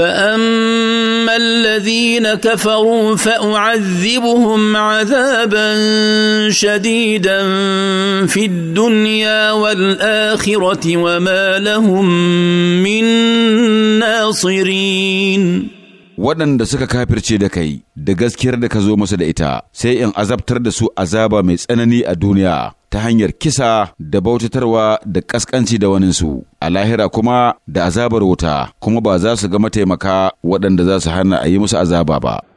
فاما الذين كفروا فاعذبهم عذابا شديدا في الدنيا والاخره وما لهم من ناصرين waɗanda suka kafirce da kai da gaskiyar da ka zo masa da ita sai in azabtar da su azaba mai tsanani a duniya ta hanyar kisa da bautatarwa da ƙasƙanci da waninsu, a lahira kuma da azabar wuta, kuma ba za su ga mataimaka waɗanda za su hana a yi musu azaba ba.